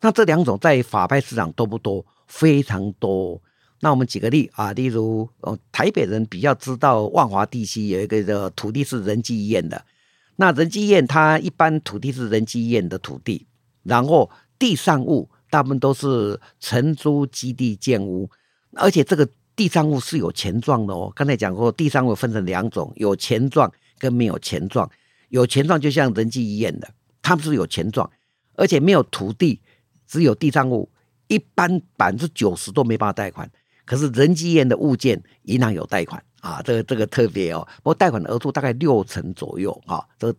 那這兩種在法拍市場多不多？非常多。那我們舉個例啊，例如、呃，台北人比較知道萬華地區有一個的土地是仁濟醫院的。那仁濟醫院它一般土地是仁濟醫院的土地，然後地上物大部分都是承租基地建屋，而且這個地上物是有權狀的哦。剛才講過，地上物分成兩種，有權狀跟沒有權狀。有錢狀就像仁濟醫院的，他們是有錢狀，而且沒有土地，只有地上物，一般百分之九十都沒辦法貸款。可是仁濟醫院的物件銀行有貸款啊，這個這個特別哦。不過貸款額度大概六成左右，啊，這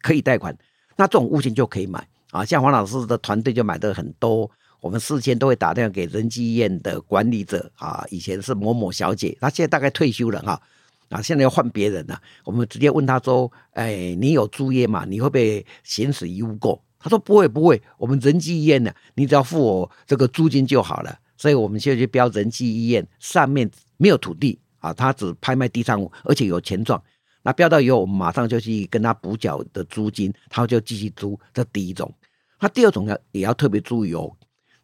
可以貸款，那這種物件就可以買啊。像黃老師的團隊就買得很多，我們事先都會打電話給仁濟醫院的管理者啊，以前是某某小姐，她現在大概退休了哈。啊啊，現在要換別人了，我們直接問他說：“哎，你有租約嘛？你會不會行使遺物購？他說：“不會，不會，我們仁濟醫院呢、啊，你只要付我這個租金就好了。”所以我們現在去標仁濟醫院，上面沒有土地啊，他只拍賣地上物，而且有權狀。那標到以後，我們馬上就去跟他補繳的租金，他就繼續租。這第一種。那第二種呢，也要特別注意哦，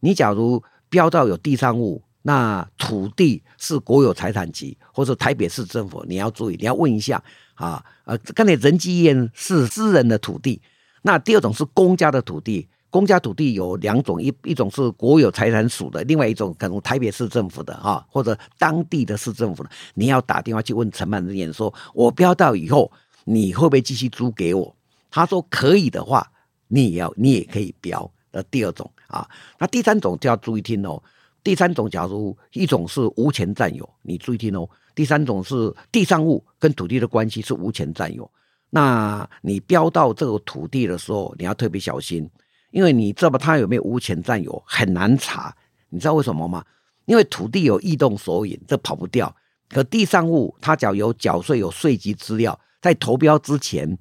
你假如標到有地上物。那土地是國有財產署，或者台北市政府，你要注意，你要問一下啊，呃，剛才人機燕是私人的土地。那第二種是公家的土地，公家土地有兩種，一一種是國有財產署的，另外一種可能台北市政府的啊，或者當地的市政府的，你要打電話去問承辦人員說，我標到以後，你會不會繼續租給我？他說可以的話，你也要，你也可以標。那、啊、第二種啊，那第三種就要注意聽哦。第三種，假如一種是無權占有，你注意聽哦。第三種是地上物跟土地的關係是無權占有，那你標到這個土地的時候，你要特別小心，因為你知道它有沒有無權占有很難查，你知道為什麼嗎？因為土地有異動索引，這跑不掉。可地上物，它只要有繳稅、有稅籍資料，在投標之前，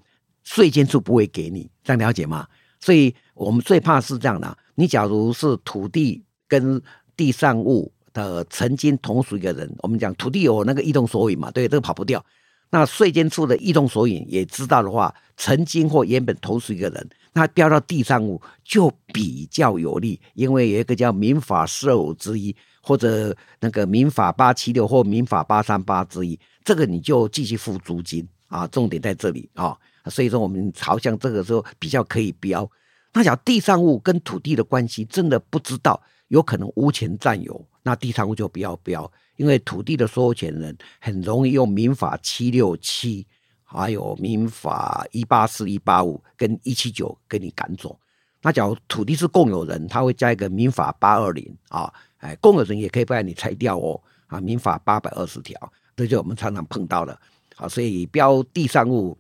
稅捐處不會給你，這樣了解嗎？所以我們最怕是這樣的啊。你假如是土地跟地上物的曾經同屬一個人，我們講土地有那個異動索引嘛？對，這個跑不掉。那稅捐處的異動索引也知道的話，曾經或原本同屬一個人，那標到地上物就比較有利，因為有一個叫民法四二五之一，或者那個民法八七六或民法八三八之一，這個你就繼續付租金啊。重點在這裡啊，所以說我們朝向這個時候比較可以標。那講地上物跟土地的關係，真的不知道。有可能無權占有，那地上物就不要標，因為土地的所有權人很容易用民法七六七，還有民法一八四一八五跟一七九給你趕走。那假如土地是共有人，他會加一個民法八二零啊，哎，共有人也可以幫你拆掉哦，啊，民法八百二十條，這就我們常常碰到了。好，所以標地上物，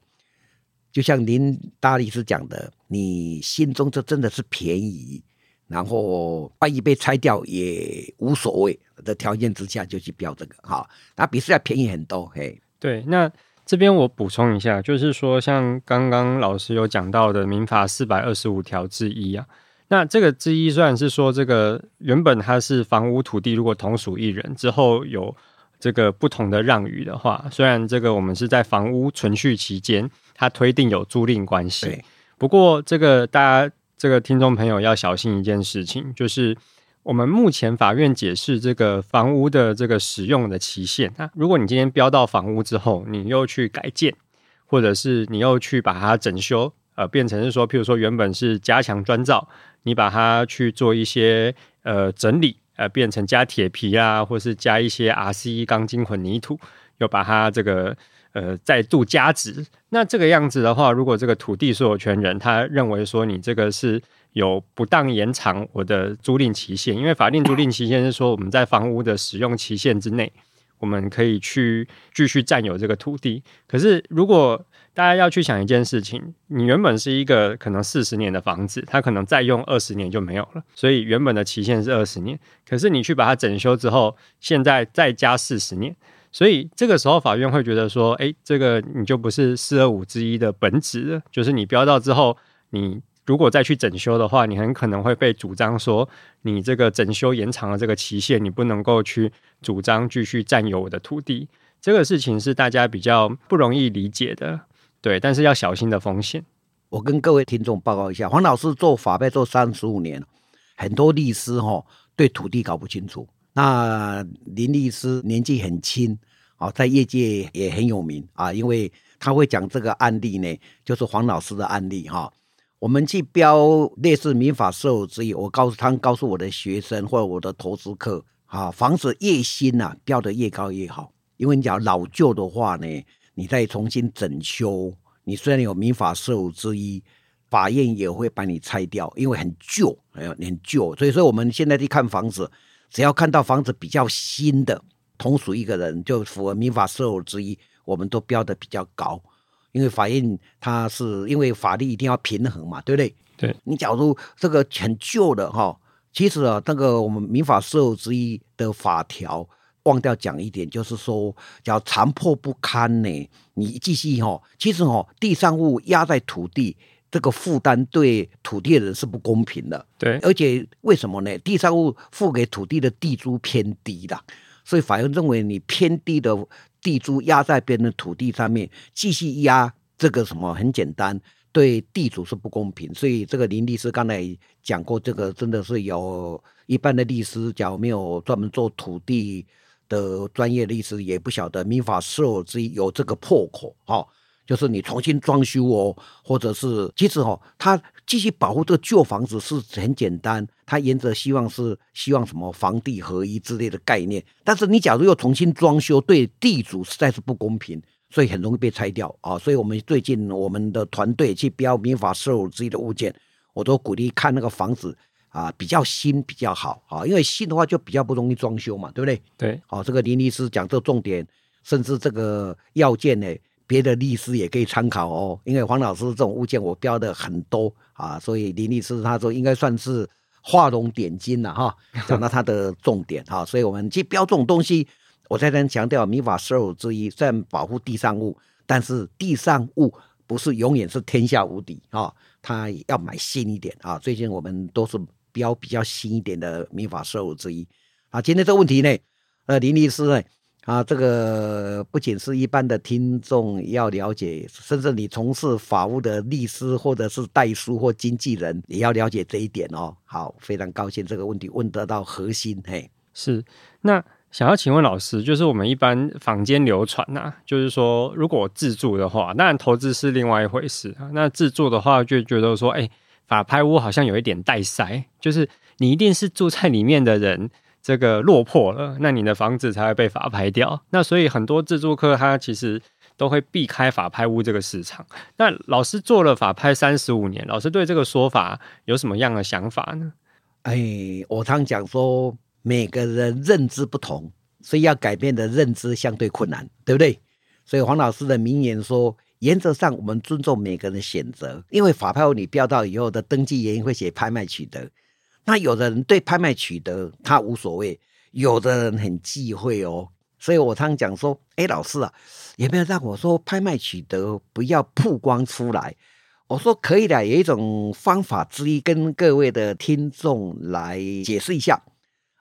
就像林大律師講的，你心中這真的是便宜。然後，萬一被拆掉也無所謂的條件之下，就去標這個哈，那比市價便宜很多。嘿，對，那這邊我補充一下，就是說，像剛剛老師有講到的《民法》四百二十五條之一啊，那這個之一雖然是說這個原本它是房屋土地，如果同屬一人之後有這個不同的讓與的話，雖然這個我們是在房屋存續期間，它推定有租賃關係，對不過這個大家。這個聽眾朋友要小心一件事情，就是我們目前法院解釋這個房屋的這個使用的期限。那如果你今天標到房屋之後，你又去改建，或者是你又去把它整修，呃，變成是說，譬如說原本是加強磚造，你把它去做一些呃整理，呃，變成加鐵皮啊，或是加一些 R C 鋼筋混凝土，又把它這個。呃，再度加值，那這個樣子的話，如果這個土地所有權人他認為說你這個是有不當延長我的租賃期限，因為法定租賃期限是說我們在房屋的使用期限之內，我們可以去繼續佔有這個土地。可是如果大家要去想一件事情，你原本是一個可能四十年的房子，它可能再用二十年就沒有了，所以原本的期限是二十年，可是你去把它整修之後，現在再加四十年。所以這個時候，法院會覺得說：“哎，這個你就不是四二五之一的本質，就是你標到之後，你如果再去整修的話，你很可能會被主張說你這個整修延長了這個期限，你不能夠去主張繼續占有我的土地。這個事情是大家比較不容易理解的，對，但是要小心的風險。我跟各位聽眾報告一下，黃老師做法拍做三十五年，很多律師哈對土地搞不清楚。”那林律師年紀很輕，啊，在業界也很有名啊，因為他會講這個案例呢，就是黃老師的案例哈。我們去標類似民法事務之一，我告訴他們，告訴我的學生或者我的投資客啊，房子越新啊，標得越高越好，因為你講老舊的話呢，你再重新整修，你雖然有民法事務之一，法院也會把你拆掉，因為很舊，很舊，所以，所以我們現在去看房子。只要看到房子比較新的，同屬一個人就符合民法事務之一，我們都標得比較高，因為法院它是因為法律一定要平衡嘛，對不對？對。你假如這個很舊的哈，其實啊，那個我們民法事務之一的法條，忘掉講一點，就是說叫殘破不堪呢，你繼續哈，其實哈地上物壓在土地，這個負擔對土地的人是不公平的，對，而且為什麼呢？地上物付給土地的地租偏低的，所以法院認為你偏低的地租壓在別人的土地上面，繼續壓這個什麼，很簡單，對地主是不公平。所以這個林律師剛才講過，這個真的是有一般的律師講，沒有專門做土地的專業律師也不曉得民法實之有這個破口，哦就是你重新裝修哦，或者是其實哦，他繼續保護這個舊房子是很簡單。他原則希望是希望什麼房地合一之類的概念。但是你假如又重新裝修，對地主實在是不公平，所以很容易被拆掉啊、哦。所以我們最近我們的團隊去標民法十五之一的物件，我都鼓勵看那個房子啊、呃，比較新比較好啊、哦，因為新的話就比較不容易裝修嘛，對不對？對，好、哦，這個林律師講這個重點，甚至這個要件呢。別的律師也可以參考哦，因為黃老師這種物件我標的很多啊，所以林律師他說應該算是畫龍點睛了哈，講到他的重點哈、 *laughs* 哦，所以我們去標這種東西，我再三強調民法425之一雖然保護地上物，但是地上物不是永遠是天下無敵啊、哦，他要買新一點啊，最近我們都是標比較新一點的民法425之一啊，今天這個問題呢，呃，林律師呢？啊，這個不僅是一般的聽眾要了解，甚至你從事法務的律師或者是代書或經紀人，也要了解這一點哦。好，非常高興這個問題問得到核心，嘿，是。那想要請問老師，就是我們一般坊間流傳、啊，那就是說，如果自住的話，那投資是另外一回事啊。那自住的話，就覺得說，哎、欸，法拍屋好像有一點帶塞，就是你一定是住在裡面的人，這個落魄了，那你的房子才會被法拍掉。那所以很多自住客他其實都會避開法拍屋這個市場。那老師做了法拍三十五年，老師對這個說法有什麼樣的想法呢？哎，我常講說，每個人認知不同，所以要改變的認知相對困難，對不對？所以黃老師的名言說：原則上我們尊重每個人的選擇，因為法拍屋你標到以後的登記原因會寫拍賣取得。那有的人對拍賣取得他無所謂，有的人很忌諱哦，所以我常常講說，誒，老師啊，有沒有讓我說拍賣取得不要曝光出來？我說可以的，有一種方法之一跟各位的聽眾來解釋一下，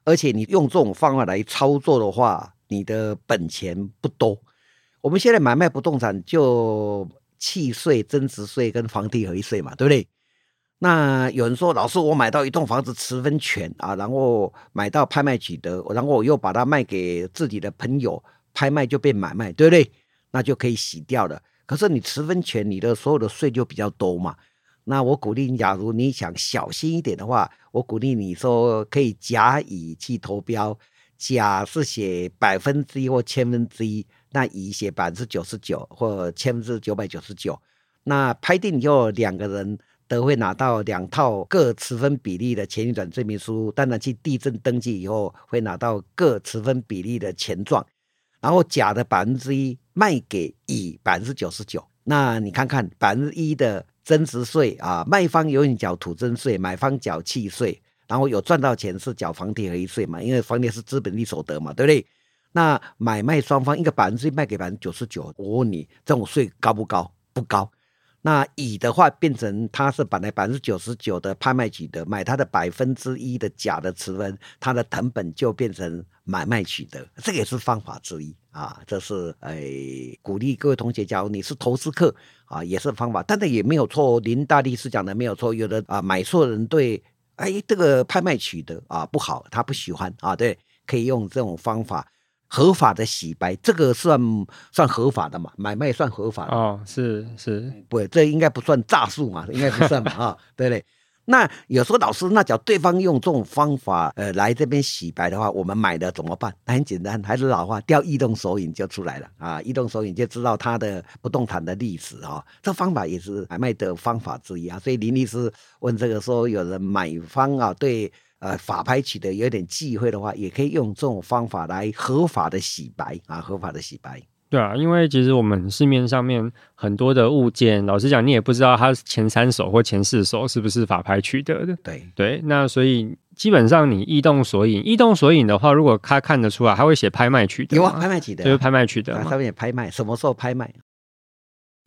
而且你用這種方法來操作的話，你的本錢不多。我們現在買賣不動產就契稅、增值稅跟房地合一稅嘛，對不對？那有人說，老師，我買到一棟房子，持分權啊，然後買到拍賣取得，然後我又把它賣給自己的朋友，拍賣就變買賣，對不對？那就可以洗掉了。可是你持分權，你的所有的稅就比較多嘛。那我鼓勵你，假如你想小心一點的話，我鼓勵你說，可以甲乙去投標，甲是寫百分之一或千分之一，那乙寫百分之九十九或千分之九百九十九。那拍定以後兩個人。都會拿到兩套各持分比例的權利移轉證明書，當然去地政登記以後會拿到各持分比例的權狀，然後甲的百分之一賣給乙百分之九十九，那你看看百分之一的增值稅啊，賣方由你繳土增稅，買方繳契稅，然後有賺到錢是繳房地合一稅嘛，因為房地產是資本利所得嘛，對不對？那買賣雙方一個百分之一賣給百分之九十九，我、哦、問你這種稅高不高？不高。那乙的話變成他是本來百分之九十九的拍賣取得買他的百分之一的假的持分，他的成本就變成買賣取得，這個、也是方法之一啊。這是誒、哎、鼓勵各位同學，假如你是投資客啊，也是方法，但是也沒有錯。林大律師講的沒有錯，有的啊買錯人對，哎這個拍賣取得啊不好，他不喜歡啊，對，可以用這種方法。合法的洗白，這個算算合法的嘛？買賣算合法的啊、哦？是是，不，這應該不算詐術嘛？應該不算嘛？啊， *laughs* 對不對？那有時候老師，那假如對方用這種方法，呃，來這邊洗白的話，我們買的怎麼辦？那很簡單，還是老話，調異動手影就出來了啊！異動手影就知道他的不動產的歷史啊！這方法也是買賣的方法之一啊！所以林律師問這個說，有人買方啊，對呃法拍取得有點忌諱的話，也可以用這種方法來合法的洗白啊，合法的洗白。對啊，因為其實我們市面上面很多的物件，老實講，你也不知道它前三手或前四手是不是法拍取得的。對對，那所以基本上你異動索引，異動索引的話，如果他看得出來，他會寫拍賣取得。有啊，拍賣取得、啊。對，拍賣取得、啊。上面也拍賣，什麼時候拍賣？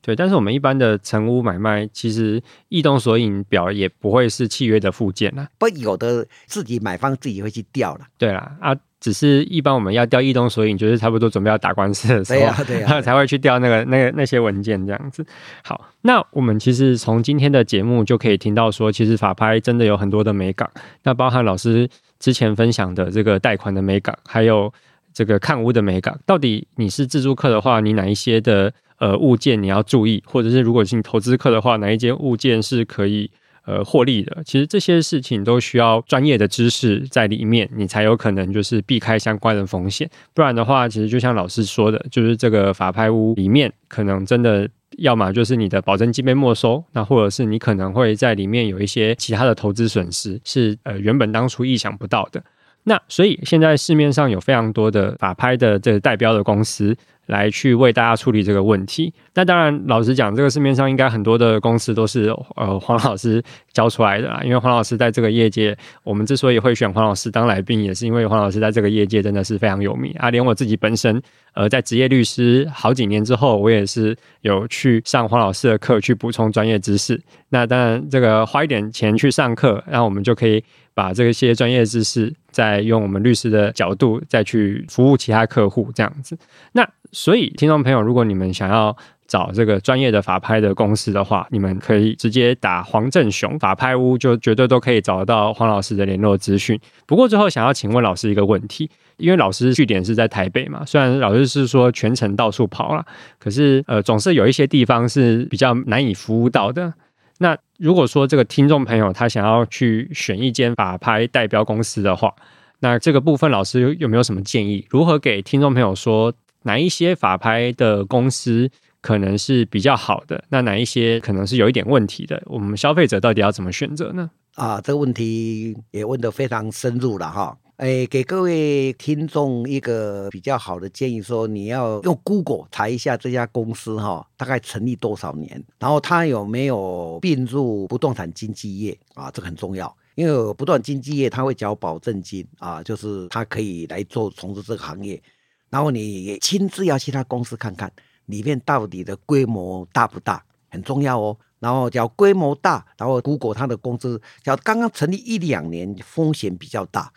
對，但是我們一般的成屋買賣，其實異動索引表也不會是契約的附件吶、啊。不，有的自己買方自己會去調了。對啦啊。啊只是一般我們要調異動索引，你就是差不多準備要打官司的時候，他、啊啊、 *laughs* 才會去調那個、那個、那些文件這樣子。好，那我們其實從今天的節目就可以聽到說，其實法拍真的有很多的美感，那包含老師之前分享的這個貸款的美感，還有這個看屋的美感。到底你是自住客的話，你哪一些的呃物件你要注意？或者是如果是你投資客的話，哪一間物件是可以？呃，獲利的，其實這些事情都需要專業的知識在裡面，你才有可能就是避開相關的風險。不然的話，其實就像老師說的，就是這個法拍屋裡面，可能真的要麼就是你的保證金被沒收，那或者是你可能會在裡面有一些其他的投資損失，是呃原本當初意想不到的。那所以現在市面上有非常多的法拍的這個代標的公司。來去為大家處理這個問題。那當然，老實講，這個市面上應該很多的公司都是呃黃老師教出來的啊。因為黃老師在這個業界，我們之所以會選黃老師當來賓，也是因為黃老師在這個業界真的是非常有名啊。連我自己本身，呃，在職業律師好幾年之後，我也是有去上黃老師的課，去補充專業知識。那當然，這個花一點錢去上課，然後我們就可以把這些專業知識，再用我們律師的角度再去服務其他客戶，這樣子。那所以，聽眾朋友，如果你們想要找這個專業的法拍的公司的話，你們可以直接打黃正雄法拍屋，就絕對都可以找到黃老師的聯絡資訊。不過最後想要請問老師一個問題，因為老師據點是在台北嘛，雖然老師是說全程到處跑啦，可是呃，總是有一些地方是比較難以服務到的。那如果說這個聽眾朋友他想要去選一間法拍代標公司的話，那這個部分老師有沒有什麼建議？如何給聽眾朋友說哪一些法拍的公司可能是比較好的？那哪一些可能是有一點問題的？我們消費者到底要怎麼選擇呢？啊，這個問題也問得非常深入了哈。哎、欸，給各位聽眾一個比較好的建議說，說你要用 Google 查一下這家公司哈、哦，大概成立多少年，然後它有沒有並入不動產經紀業啊？這個很重要，因為不動產經紀業它會交保證金啊，就是它可以來做從事這個行業。然後你親自要去他公司看看裡面到底的規模大不大，很重要哦。然後叫規模大，然後 Google 它的公司叫剛剛成立一兩年，風險比較大。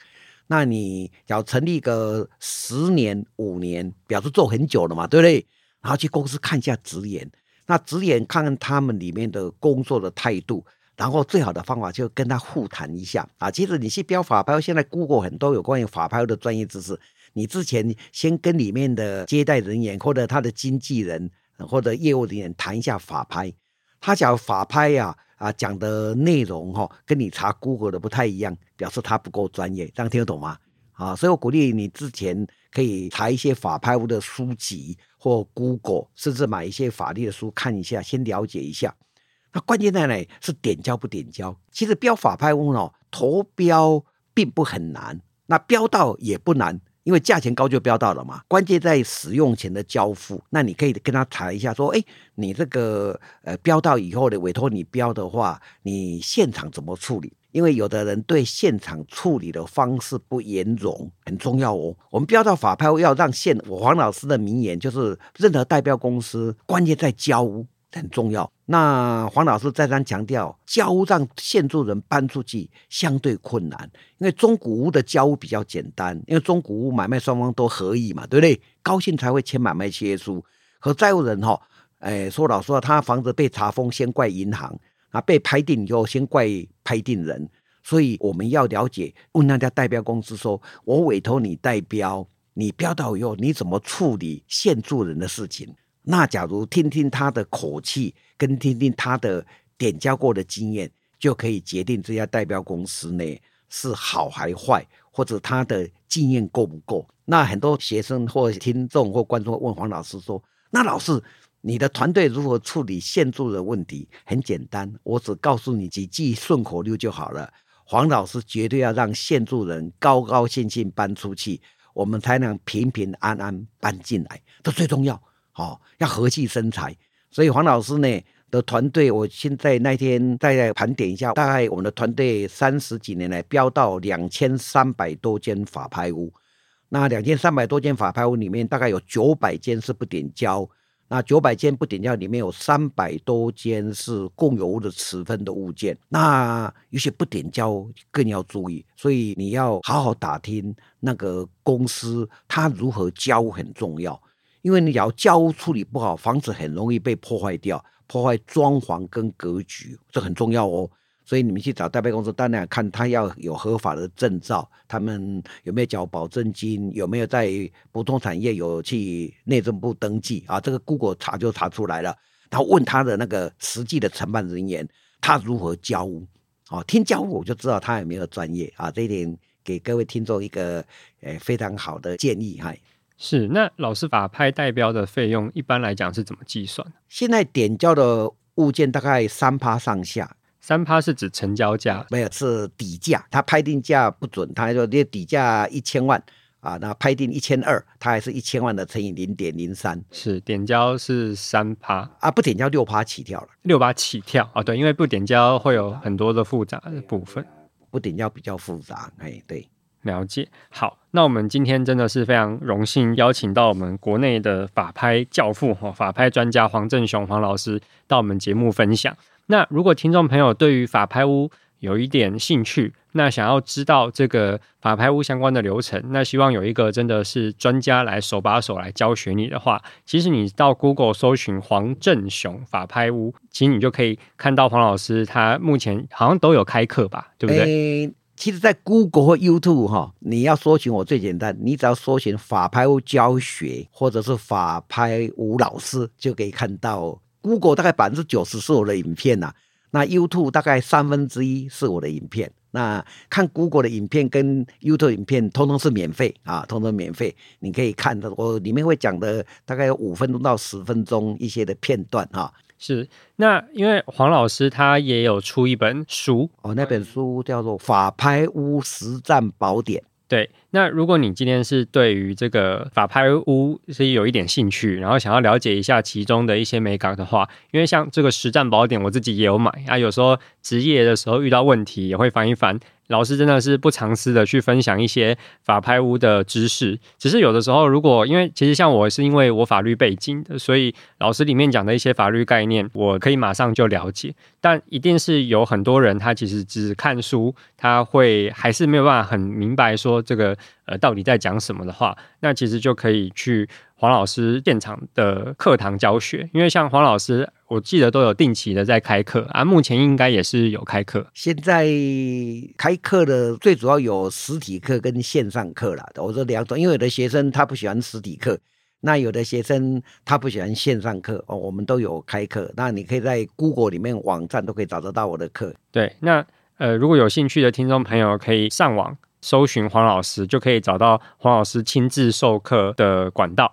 那你要成立個十年五年，表示做很久了嘛，對不對？然後去公司看一下職員，那職員看看他們裡面的工作的態度，然後最好的方法就跟他互談一下啊。其實你去標法拍，現在 Google 很多有關於法拍的專業知識，你之前先跟裡面的接待人員或者他的經紀人或者業務人員談一下法拍，他講法拍呀、啊。啊，講的內容哈、哦，跟你查 Google 的不太一樣，表示他不夠專業，這樣聽得懂嗎？啊，所以我鼓勵你之前可以查一些法拍屋的書籍或 Google，甚至買一些法律的書看一下，先了解一下。那關鍵在哪？是點交不點交，其實標法拍屋哦，投標並不很難，那標到也不難。因為價錢高就標到了嘛，關鍵在使用前的交付。那你可以跟他談一下，說，哎，你這個呃標到以後的委託你標的話，你現場怎麼處理？因為有的人對現場處理的方式不嚴重，很重要哦。我們標到法拍要讓現，我黃老師的名言就是：任何代標公司，關鍵在交屋。很重要。那黃老師再三強調，交屋讓現住人搬出去相對困難，因為中古屋的交屋比較簡單，因為中古屋買賣雙方都合意嘛，對不對？高興才會簽買賣契約書。可債務人哈，哎，說老實話，他房子被查封，先怪銀行啊；被拍定以後，先怪拍定人。所以我們要了解，問那家代標公司說：“我委託你代標，你標到以後，你怎麼處理現住人的事情？”那假如聽聽他的口氣，跟聽聽他的點交過的經驗，就可以決定這家代表公司呢是好還壞，或者他的經驗夠不夠。那很多學生或聽眾或觀眾問黃老師說：“嗯、那老師，你的團隊如何處理現住的問題？”很簡單，我只告訴你幾句順口溜就好了。黃老師絕對要讓現住人高高興興搬出去，我們才能平平安安搬進來，這最重要。哦，要和氣生財，所以黃老師呢的團隊，我現在那天再來盤點一下，大概我們的團隊三十幾年來標到兩千三百多間法拍屋，那兩千三百多間法拍屋裡面，大概有九百間是不點交，那九百間不點交裡面有三百多間是共有物的持分的物件，那有些不點交更要注意，所以你要好好打聽那個公司，他如何交很重要。因為你要交屋處理不好，房子很容易被破壞掉，破壞裝潢跟格局，這很重要哦。所以你們去找代辦公司，當然看他要有合法的證照，他們有沒有繳保證金，有沒有在不動產業有去內政部登記啊？這個 Google 查就查出來了。然後問他的那個實際的承辦人員，他如何交屋？啊，聽交屋我就知道他有沒有專業啊。這一點給各位聽眾一個、呃、非常好的建議哈。是，那老師法拍代標的費用一般來講是怎麼計算？現在點交的物件大概三趴上下，三趴是指成交價？沒有，是底價，他拍定價不準，他說這底價一千萬啊，那拍定一千二，他還是一千萬的乘以零點零三，是點交是三趴啊？不點交六趴起跳了，六趴起跳啊、哦？對，因為不點交會有很多的複雜的部分，不點交比較複雜，哎，對。了解。好，那我們今天真的是非常榮幸邀請到我們國內的法拍教父哈，法拍專家黃正雄黃老師到我們節目分享。那如果聽眾朋友對於法拍屋有一點興趣，那想要知道這個法拍屋相關的流程，那希望有一個真的是專家來手把手來教學你的話，其實你到 Google 搜尋黃正雄法拍屋，其實你就可以看到黃老師他目前好像都有開課吧，對不對？欸其實，在 Google 或 YouTube 哈，你要搜尋我最簡單，你只要搜尋“法拍屋教學”或者是“法拍屋老師”，就可以看到 Google 大概百分之九十是我的影片吶。那 YouTube 大概三分之一是我的影片。那看 Google 的影片跟 YouTube 影片，通通是免費啊，通通免費，你可以看到我裡面會講的大概有五分鐘到十分鐘一些的片段哈。啊是，那因為黃老師他也有出一本書哦，那本書叫做《法拍屋實戰寶典》，對。那如果你今天是對於這個法拍屋是有一點興趣，然後想要了解一下其中的一些眉角的話，因為像這個實戰寶典我自己也有買啊，有時候執業的時候遇到問題也會翻一翻。老師真的是不藏私的去分享一些法拍屋的知識。只是有的時候，如果因為其實像我是因為我法律背景的，所以老師裡面講的一些法律概念，我可以馬上就了解。但一定是有很多人他其實只看書，他會還是沒有辦法很明白說這個。呃，到底在講什麼的話，那其實就可以去黃老師現場的課堂教學。因為像黃老師，我記得都有定期的在開課啊，目前應該也是有開課。現在開課的最主要有實體課跟線上課啦。我說兩種，因為有的學生他不喜歡實體課，那有的學生他不喜歡線上課哦，我們都有開課。那你可以在 Google 裡面網站都可以找得到我的課。對，那呃，如果有興趣的聽眾朋友，可以上網。搜尋黃老師，就可以找到黃老師親自授課的管道。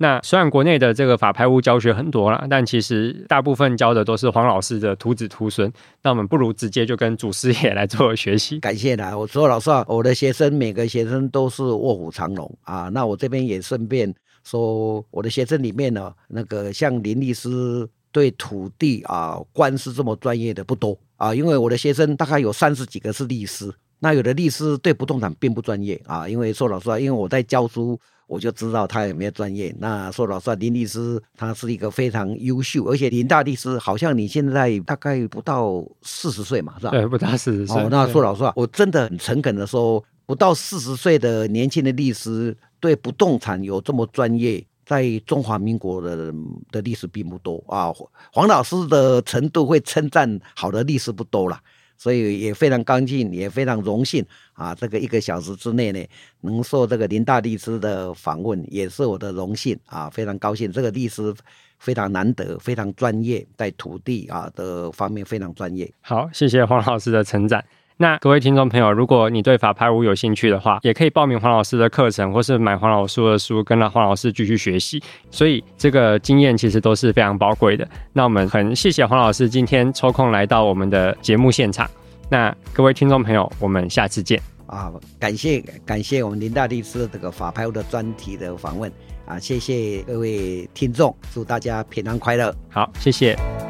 那雖然國內的這個法拍屋教學很多啦，但其實大部分教的都是黃老師的徒子徒孫。那我們不如直接就跟祖師爺來做學習。感謝啦！我說老師啊，我的學生，我的學生每個學生都是臥虎藏龍啊。那我這邊也順便說，我的學生裡面呢，啊，那個像林律師對土地啊、官司這麼專業的不多啊，因為我的學生大概有三十幾個是律師。那有的律師對不動產並不專業啊，因為說老實話，因為我在教書，我就知道他有沒有專業。那說老實話，林律師他是一個非常優秀，而且林大律師好像你現在大概不到四十歲嘛，是吧？對，不到四十歲，哦。那說老實話，對我真的很誠懇的說，不到四十歲的年輕的律師對不動產有這麼專業，在中華民國的的律師並不多啊。黃老師的程度會稱讚好的律師不多啦。所以也非常高興，也非常榮幸啊！這個一個小時之內呢，能受這個林大律師的訪問，也是我的榮幸啊！非常高興，這個律師非常難得，非常專業，在土地啊的方面非常專業。好，謝謝黃老師的稱讚。那各位聽眾朋友，如果你對法拍屋有興趣的話，也可以報名黃老師的課程，或是買黃老師的書，跟着黃老師繼續學習。所以這個經驗其實都是非常寶貴的。那我們很謝謝黃老師今天抽空來到我們的節目現場。那各位聽眾朋友，我們下次見。啊，感謝感謝我們林大律師這個法拍屋的專題的訪問。啊，謝謝各位聽眾，祝大家平安快樂。好，謝謝。